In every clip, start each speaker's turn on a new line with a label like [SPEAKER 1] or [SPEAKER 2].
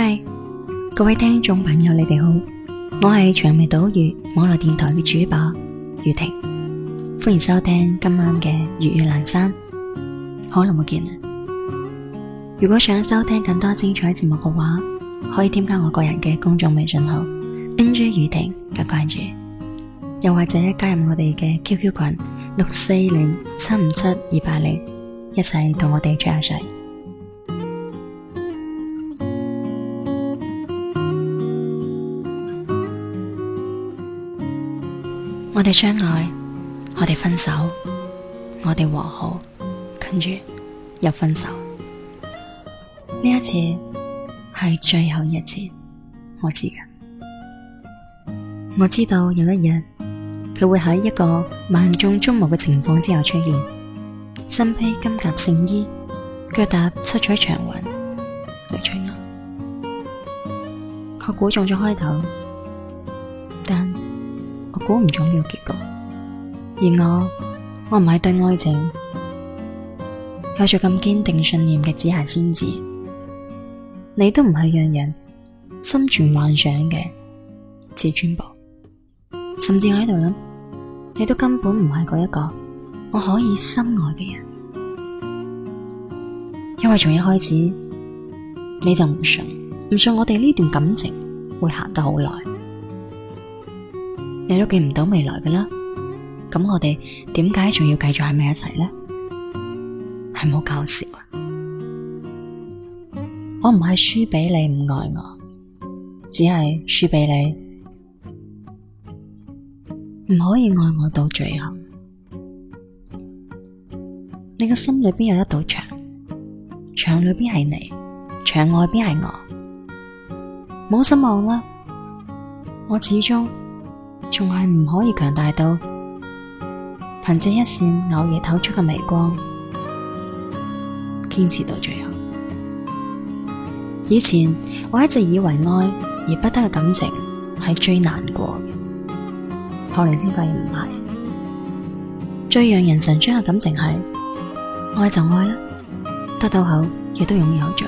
[SPEAKER 1] 嗨，各位聽眾朋友，你哋好！我係長尾島嶼網絡電台嘅主播雨婷，歡迎收聽今晚嘅粵語闌珊，好耐冇見啦！如果想收聽更多精彩節目嘅話，可以添加我個人嘅公眾微信號 nj 雨婷嘅關注，又或者加入我哋嘅 QQ 群六四零七五七二八零，40, 7, 280, 一齊同我哋吹下水。我哋相愛，我哋分手，我哋和好，跟住又分手。呢一次係最後一次，我知噶。我知道有一日佢會喺一個萬眾矚目嘅情況之下出現，身披金甲聖衣，腳踏七彩祥雲。嚟娶我，我估中咗開頭。估唔中呢個結果，而我，我唔係對愛情有著咁堅定信念嘅紫霞仙子，你都唔係讓人心存幻想嘅至尊寶，甚至我喺度諗，你都根本唔係嗰一個我可以深愛嘅人，因為從一開始你就唔信，唔信我哋呢段感情會行得好耐。你都見唔到未來噶啦，咁我哋點解仲要繼續喺埋一齊呢？係冇搞笑啊！我唔係輸俾你唔愛我，只係輸俾你唔可以愛我到最後。你個心裏邊有一堵牆，牆裏邊係你，牆外邊係我。唔好失望啦，我始終。仲係唔可以強大到憑借一線偶爾透出嘅微光堅持到最後。以前我一直以為愛而不得嘅感情係最難過嘅，後嚟先發現唔係。最讓人神傷嘅感情係愛就愛啦，得到後亦都擁有着。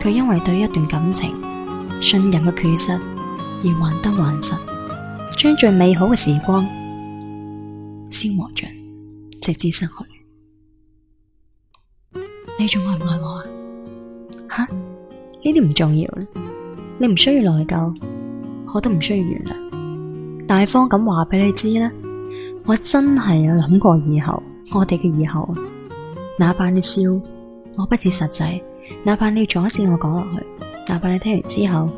[SPEAKER 1] 佢因為對一段感情信任嘅缺失而患得患失。將最美好嘅時光消磨盡，直至失去。你仲愛唔愛我啊？吓，呢啲唔重要啦。你唔需要內疚，我都唔需要原諒。大方咁話俾你知啦，我真係有諗過以後，我哋嘅以後。哪怕你笑，我不切實際；哪怕你阻止我講落去，哪怕你聽完之後，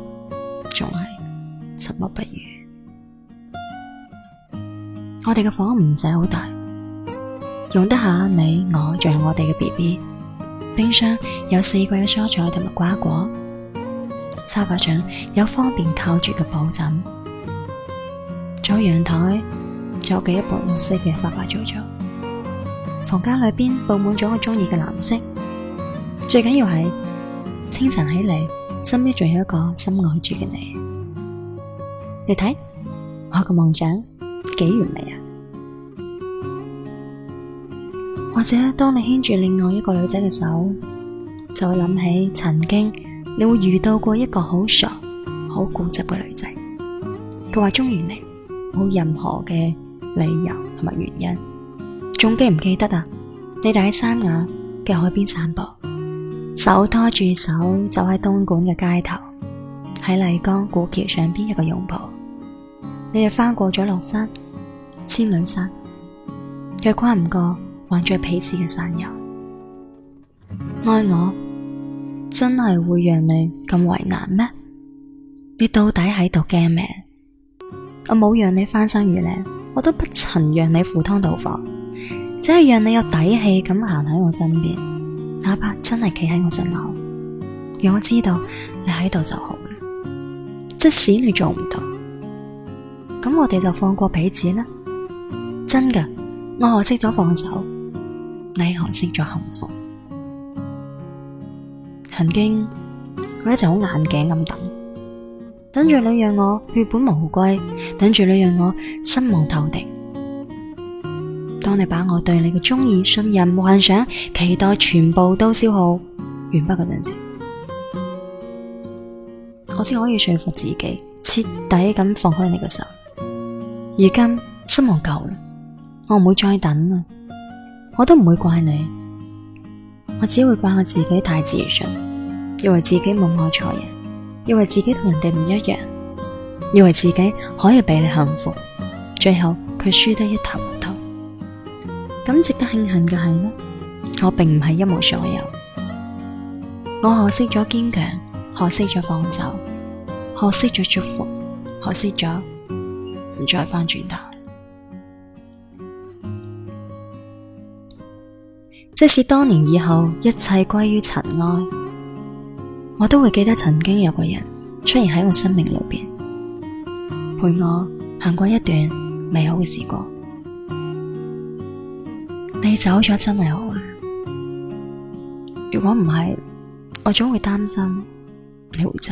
[SPEAKER 1] 仲係沉默不語。我哋嘅房唔使好大，用得下你我仲有我哋嘅 BB。冰箱有四季嘅蔬菜同埋瓜果，沙發上有方便靠住嘅抱枕，左陽台有幾一盆綠色嘅花花草草，房間裏邊布滿咗我中意嘅藍色，最緊要係清晨起嚟，身邊仲有一個深愛住嘅你。你睇，我嘅夢想。幾完美啊！或者當你牽住另外一個女仔嘅手，就會諗起曾經你會遇到過一個好傻、好固執嘅女仔。佢話中意你，冇任何嘅理由同埋原因。仲記唔記得啊？你哋喺三亞嘅海邊散步，手拖住手走喺東莞嘅街頭，喺麗江古橋上邊一個擁抱，你哋翻過咗樂山。仙女山，卻跨唔過，橫在彼此嘅山丘。愛我真係會讓你咁為難咩？你到底喺度驚咩？我冇讓你翻山越嶺，我都不曾讓你赴湯蹈火，只係讓你有底氣咁行喺我身邊，哪怕真係企喺我身後，讓我知道你喺度就好。即使你做唔到，咁我哋就放過彼此啦。真嘅，我學識咗放手，你學識咗幸福。曾經我一直好硬頸咁等，等住你讓我血本無歸，等住你讓我失望透頂。當你把我對你嘅中意、信任、幻想、期待全部都消耗完畢嗰陣時，我先可以說服自己徹底咁放開你嘅手。而今失望夠啦。我唔會再等啦，我都唔會怪你，我只會怪我自己太自信，以為自己冇愛錯人，以為自己同人哋唔一樣，以為自己可以俾你幸福，最後卻輸得一塌糊塗。咁值得慶幸嘅係呢，我並唔係一無所有，我學識咗堅強，學識咗放手，學識咗祝福，學識咗唔再翻轉頭。即使多年以後一切歸於塵埃，我都會記得曾經有個人出現喺我生命裏邊，陪我行過一段美好嘅時光。你走咗真係好啊！如果唔係，我總會擔心你會走。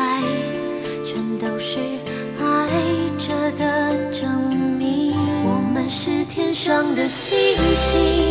[SPEAKER 2] 的星星。See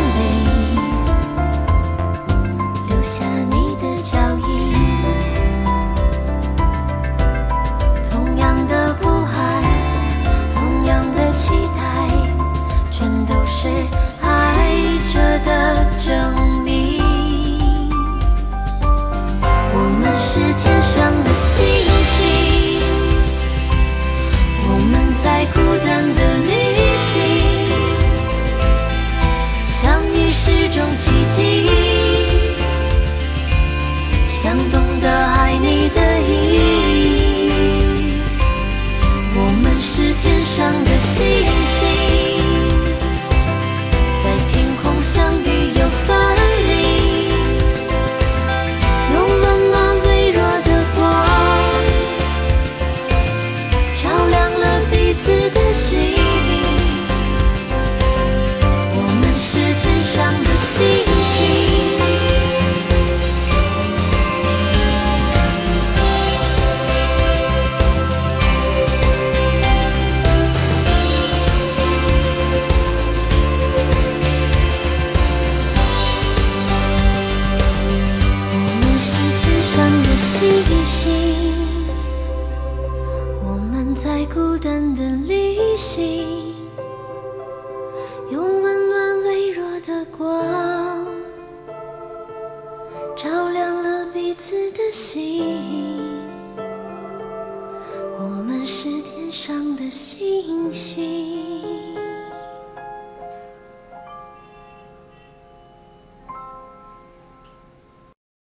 [SPEAKER 2] 記憶。